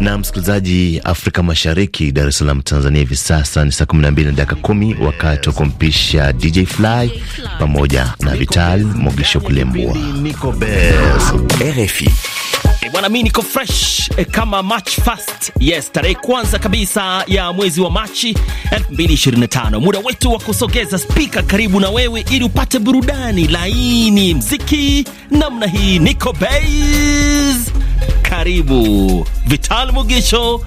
Na msikilizaji, Afrika Mashariki, Dar es Salaam, Tanzania, hivi sasa ni saa 12 na dakika kumi, wakati wa kumpisha DJ Fly pamoja na Vital Mogisho Kulembua. RFI eh, Bwana, mi niko fresh e, kama March fast. Yes, tarehe kwanza kabisa ya mwezi wa Machi 2025, muda wetu wa kusogeza spika karibu na wewe ili upate burudani laini, mziki namna hii. Niko bas karibu. Vital Mugisho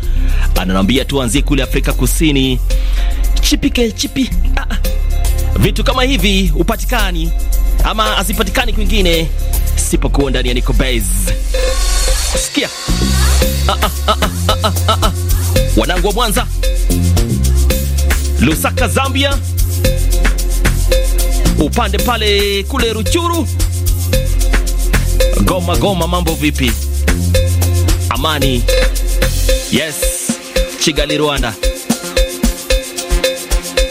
ananiambia tuanzie kule Afrika Kusini. Chipike chipi ah, ah. vitu kama hivi upatikani ama azipatikani kwingine sipokuwa ndani ya Niko Base. Sikia ah, ah, ah, ah, ah, ah, ah, ah. Wanangu wa Mwanza, Lusaka, Zambia, upande pale kule Ruchuru, Goma Goma, mambo vipi? amani. Yes, Kigali Rwanda,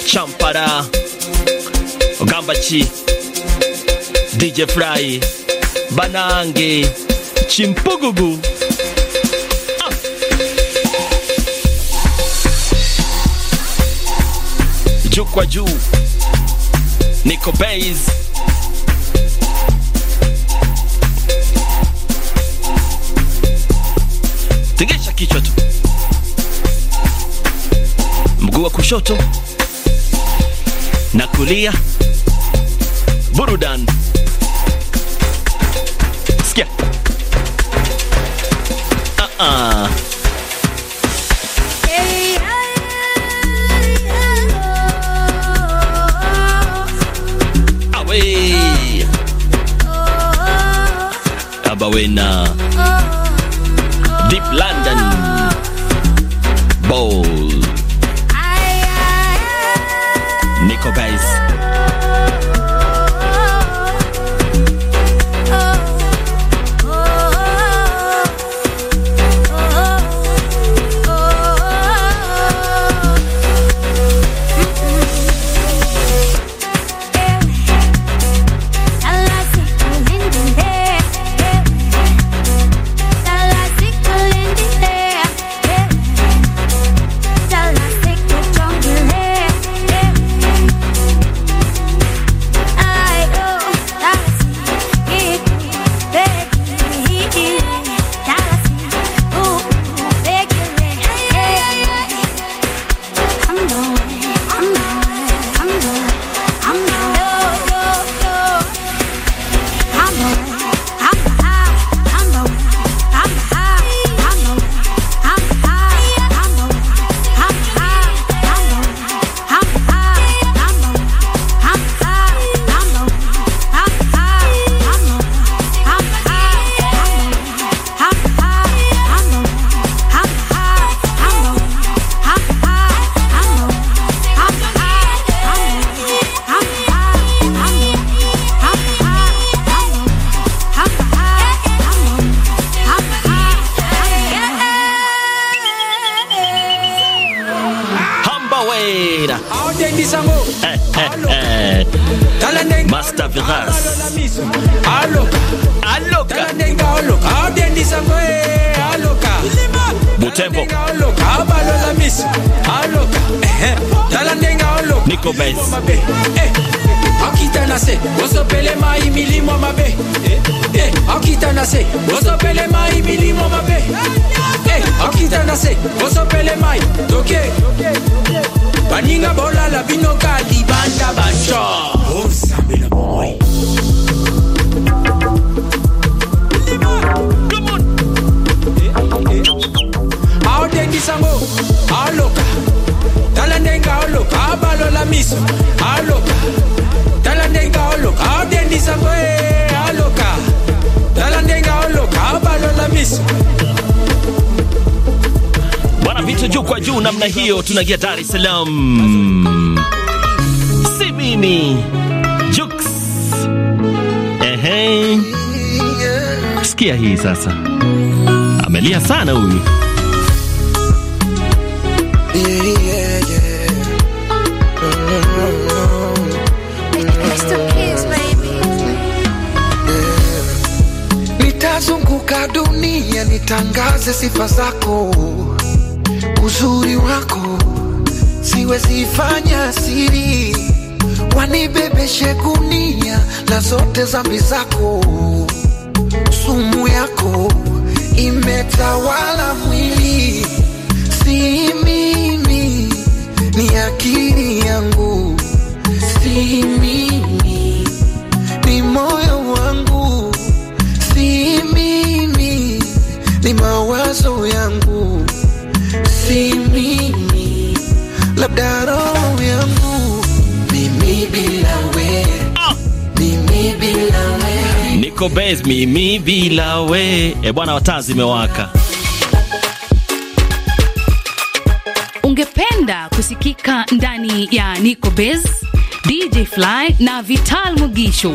Champara Gambachi, DJ Fry Banange Chimpugugu. Ah. Juu kwa juu, Niko Base tegesha kichwa tu, mguu wa kushoto na kulia, burudani. Sikia uh -uh. Awe London Bowl. Nickel bass. Butembo, Nico Benz. Eh, eh, eh, baninga bolala bino ka libanda basho osambela bomoi bango aloka tala ndenge oloka abalola miso aloka tala ndenge oloka odendisa mpo e aloka tala ndenge oloka abalola miso bwana vitu juu kwa juu namna hiyo tunagia dar es salaam si mimi juks ehe sikia hii sasa amelia sana huyu nitangaze sifa zako, uzuri wako, siwezifanya siri, wanibebeshe gunia la zote zambi zako. Sumu yako imetawala mwili, si mimi, ni akili yangu, si mimi, ni moyo wangu mawazo yangu, si mimi, labda roho yangu, mimi bila we, mimi bila we, niko base, mimi bila we. E bwana, wataa zimewaka. Ungependa kusikika ndani ya Niko Base, DJ Fly na Vital Mugisho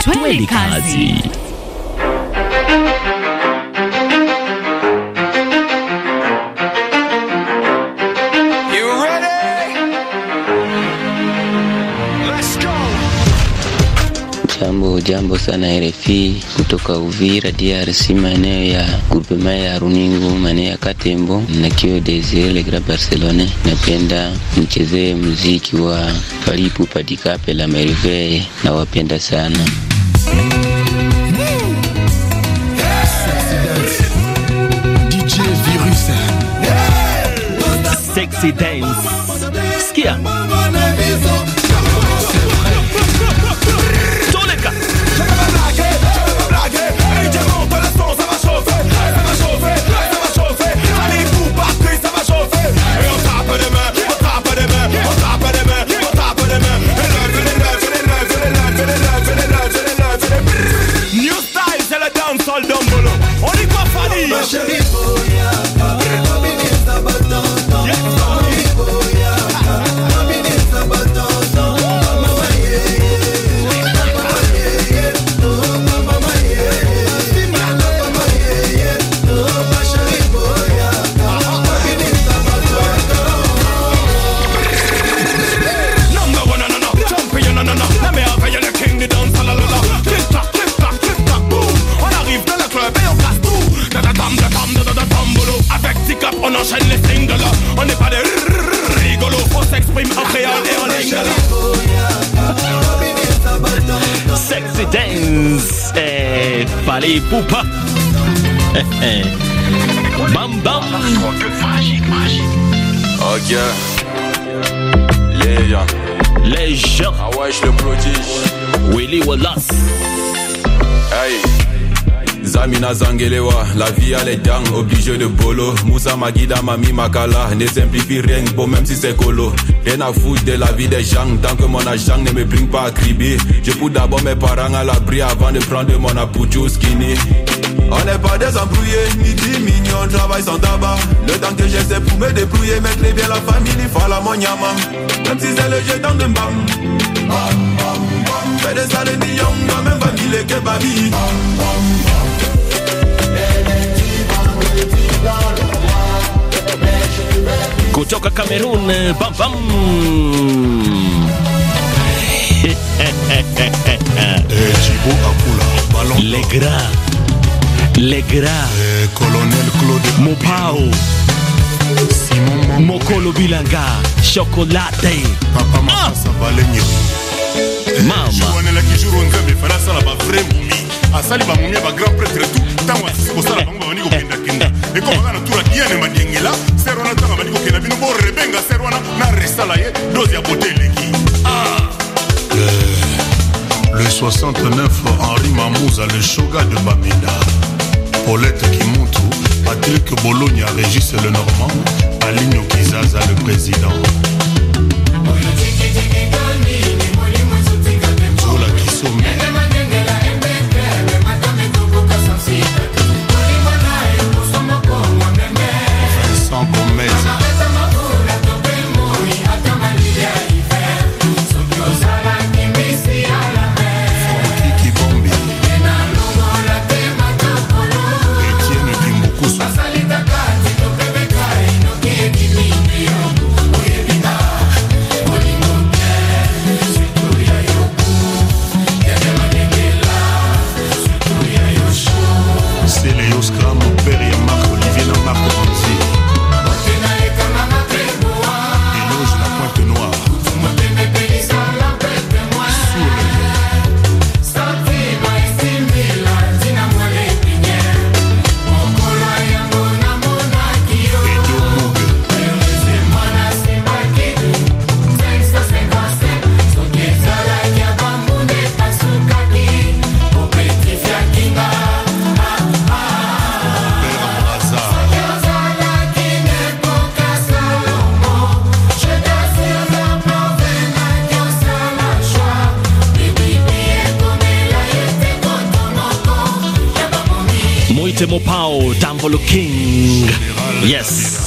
twende kazi. Jambo jambo sana RFI kutoka Uvira DRC, maeneo ya grupema ya Runingu, maeneo ya Katembo na kio Desire Le Grand Barcelone. Napenda mchezee muziki wa Falipu Padikape la Merveille, na wapenda sana Sexy dance. Skia. chérie. C'est Dance. Eh, fallait poupa. Eh, eh. bam bam. Ok. Les gens. Les gens. Ah ouais, je le prodige. Willy Wallace. Hey la vie à les dents, obligé de bolo. Moussa Magida, Mami Makala, ne simplifie rien bon même si c'est colo. Rien à foutre de la vie des gens, tant que mon agent ne me bring pas à cribi. Je fous d'abord mes parents à l'abri avant de prendre mon apouchou skinny. On n'est pas des embrouillés, ni diminués, on travaille sans tabac. Le temps que j'essaie pour me débrouiller, mettre bien la famille, il faut la monyama. Même si c'est le jeu dans de bam. Bam, bam, bam. Fais des salles de ma même famille, que babi. bam, kutoka Kamerun. Bam bam eh, Legra Legra eh, Colonel Claude Mopao Simon Mokolo Bilanga Chocolate Papa ah. Makasa Balenye eh, Mama Wanela kijuru nzambe fana sala ba ekomaka na tula diane madiengela ser wana ntanga bandi kokenda bino borebenga ser wana na resala ye dose ya bote eleki ah. Le 69 Henri Mamouza, le shoga de Bamina. Paulette Kimuntu, Patrick Bologna, Régis le Normand, Aligno Kizaza, le président. King. Yes.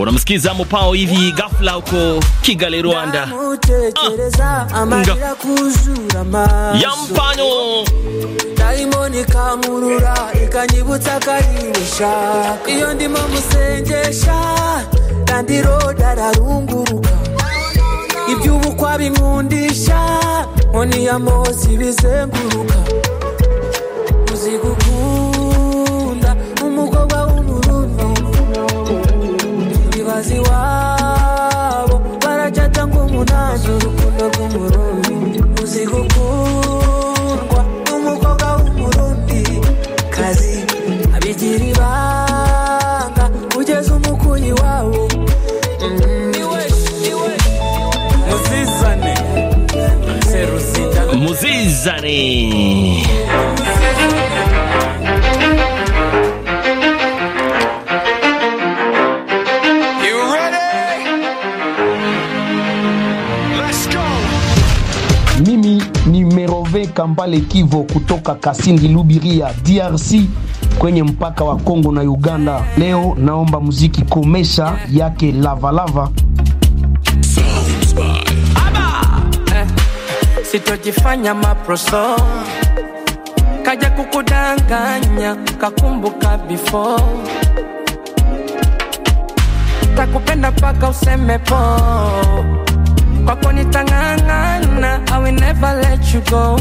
Unamsikiza Mupao hivi ghafla huko Kigali, Rwanda. Ah, Yampano. Daimoni kamurura ikanyibutsa karirisha iyo ndimo musengesha dandiro dararunguruka iby'ubukwa binkundisha nkoni ya mozi bizenguruka nzigukunda umukobwa w'umurundo bibazi wabo urukundo uzigukundwa umukobwa w'umurundi kazi abigira ibanga mm, muzizane pale Kivo kutoka Kasindi Lubiria DRC kwenye mpaka wa Kongo na Uganda. Leo naomba muziki Komesha yake Lavalava. lava. Eh, sitojifanya maproso kaja kukudanganya kakumbuka before takupenda mpaka useme po kwako nitang'ang'ana, I will never let you go.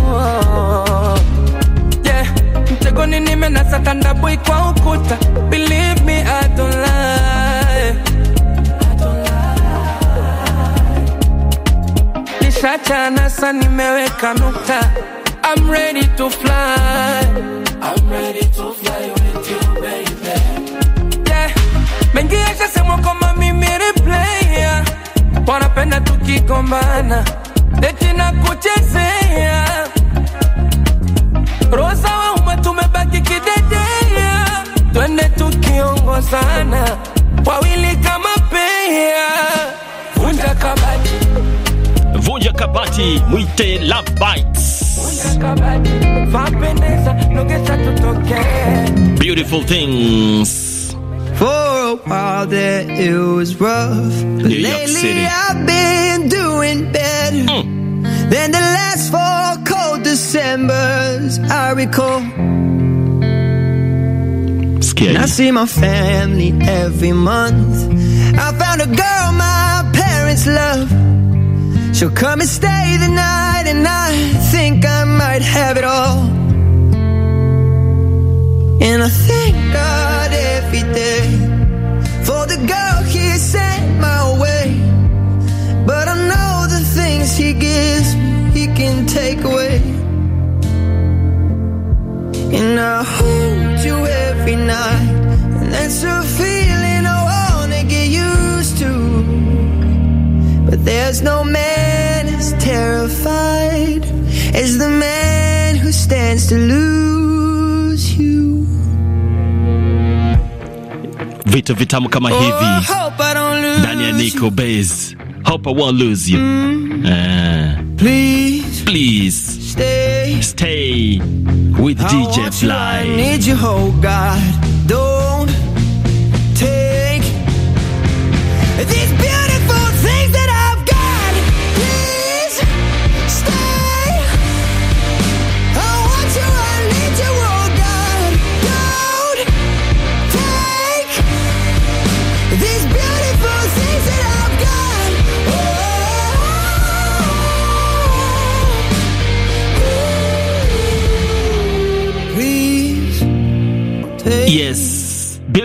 Yeah, mtegoni nimenasa kandabui kwa ukuta, believe me I don't lie. Nishachana sa nimeweka nukta, I'm ready to fly. I'm ready to fly with you baby. Yeah, mengi yashasemwa kama mimi replayer wanapenda tukikombana, eti na kuchezea rosa wauma, tumebaki kidedea, twende tukiongozana wawili kama pea, vunja kabati, vunja kabati, mwite la bites Beautiful things a while there it was rough. But New York lately City. I've been doing better mm. than the last four cold Decembers I recall. Scary. And I see my family every month. I found a girl my parents love. She'll come and stay the night, and I think I might have it all. And I thank God every day for the girl he sent my way. But I know the things he gives me, he can take away. And I hold you every night, and that's a feeling I wanna get used to. But there's no man as terrified as the man who stands to lose. vitu vitamu kama oh, hivi ndani ya Nico Base. Hope I won't lose you. Mm-hmm. Eh. Please, please stay with DJ Fly. Oh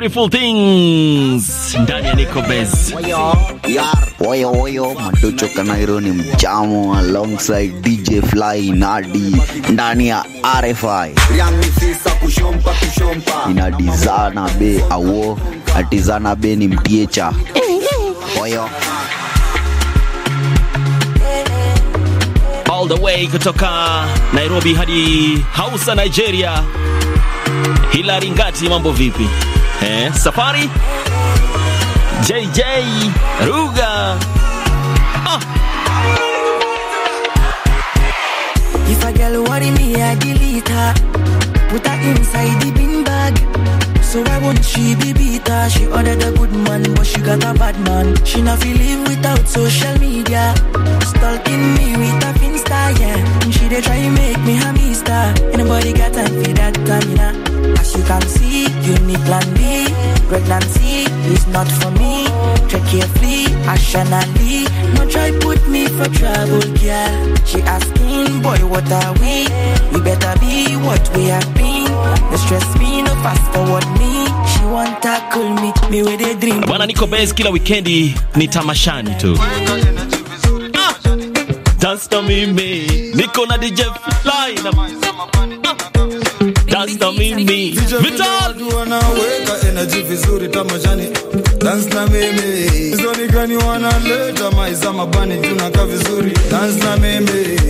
Beautiful Things ndani ya Nico Bez. Oyo oyo Matucho Kanairo ni mchamo alongside DJ Fly Nadi ndani ya RFI Inadi zana be awo atizana be ni mpiecha. oyo all the way kutoka Nairobi hadi Hausa Nigeria. Hilari Ngati, mambo vipi? eh, Safari JJ Ruga ah. If a girl worry me, I delete her. Put her inside the bin bag. So why won't she be bitter? She ordered a good man, but she got a bad man. She not feel live without social media. Stalking me with a finsta, yeah. And she they try make me a mister. Anybody got time for that, Tamina. As you can see, you need plan B. pregnancy is not for me. Check carefully, rationally. No try put me for trouble, girl. She asking, boy, what are we? We better be what we have been. No stress me, no fast forward me. She want to call me, me with a dream. Bwana niko base kila wikendi ni tamashani tu. Ah! dance to me, me. Niko na DJ Fly. Na... Ah hasta mimi energy vizuri dance na mimi maiza mabani vizuri dance na mimi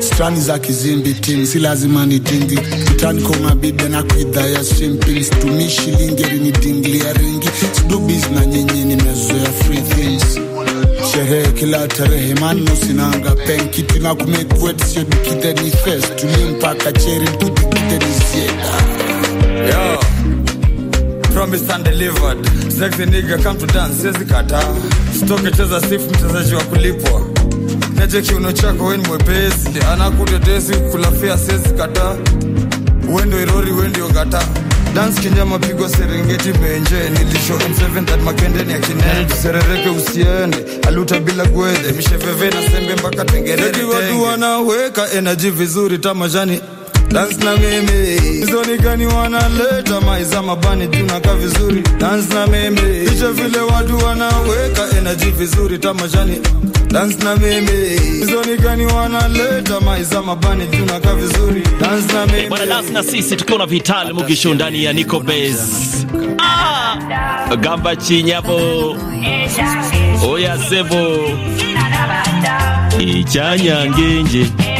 strani za kizimbi tim si lazima ni dingi tanko mabida na kuidhaya shimping situmishi lingeri ni dinglia ringi sidu na nyenye nimezoea free things sherehe kila tarehe manu sinanga penki kitu na kumekuet sio nikite ni fest tulimpaka cheri tutikite ni sieta yo promised and delivered sexy nigga come to dance siwezi kata. stoke cheza sif, mchezaji wa kulipwa Neje kiuno chako weni mwepesi anakutetesi kulafia siwezi kata. wendo irori wendio kataa Dance Kenya mapigo Serengeti penje nilisho M7 that makende ni akinene tuserereke usiende aluta bila gwede misheveve na sembe mpaka tengerere watu wanaweka energy vizuri tamajani dance na mimi izonikani wanaleta maiza mabani tunaka vizuri dance na mimi icha vile watu wanaweka energy vizuri tamashani dance na mimi izonikani wanaleta maiza mabani tunaka vizuri dance na mimi bwana dance na sisi tukiwa na Vital Mugisho ndani ya Nico Base ah gamba chinyapo oya sebo ichanya ngenje ichanyangenje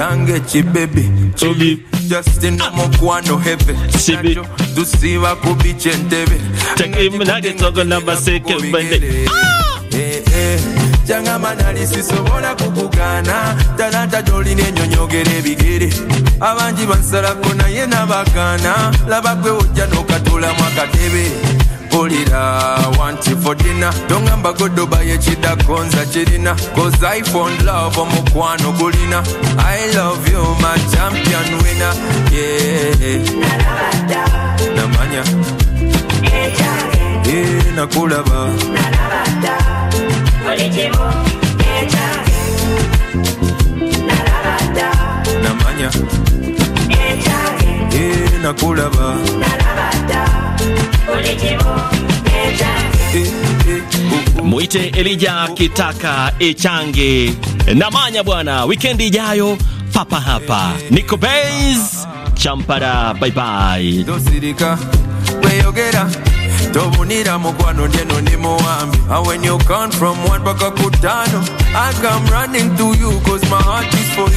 change chi baby chibi justin ah. mo kwano heaven chibi do see wa ku bi chentebe tek im na ke toko na baseke bende eh eh Janga manali siso bona kukugana Talanta joli ne nyonyo gere bigere Avanji basara kona yena bakana Labakwe uja no katula mwaka tebe mpulira wanti for dina tongamba godobayo ekidakonza kirina cause i found love omukwano gulina i love you my champion wina yeah. namanya eh, nakulaba namanya yeah nakulaba eh, eh, oh, oh. mwite Elija kitaka ichangi na manya bwana, wikendi ijayo papa hapa eh, niko bas ah, ah, ah. champara, bye dosirika weyogera tobunira mukwano muwambi when you count from one paka kutano I come running to you cause my heart is for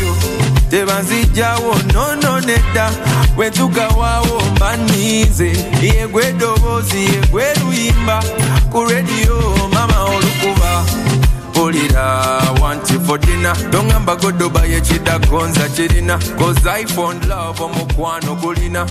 you tebazijjawo nono nedda wetugawawo mbanize yegwe edoboozi yegwe luyimba ku rediyo mama olukuba mpulira wanti fodina tongamba godoba yekidakonza kirina kozaifonlove omukwano gulina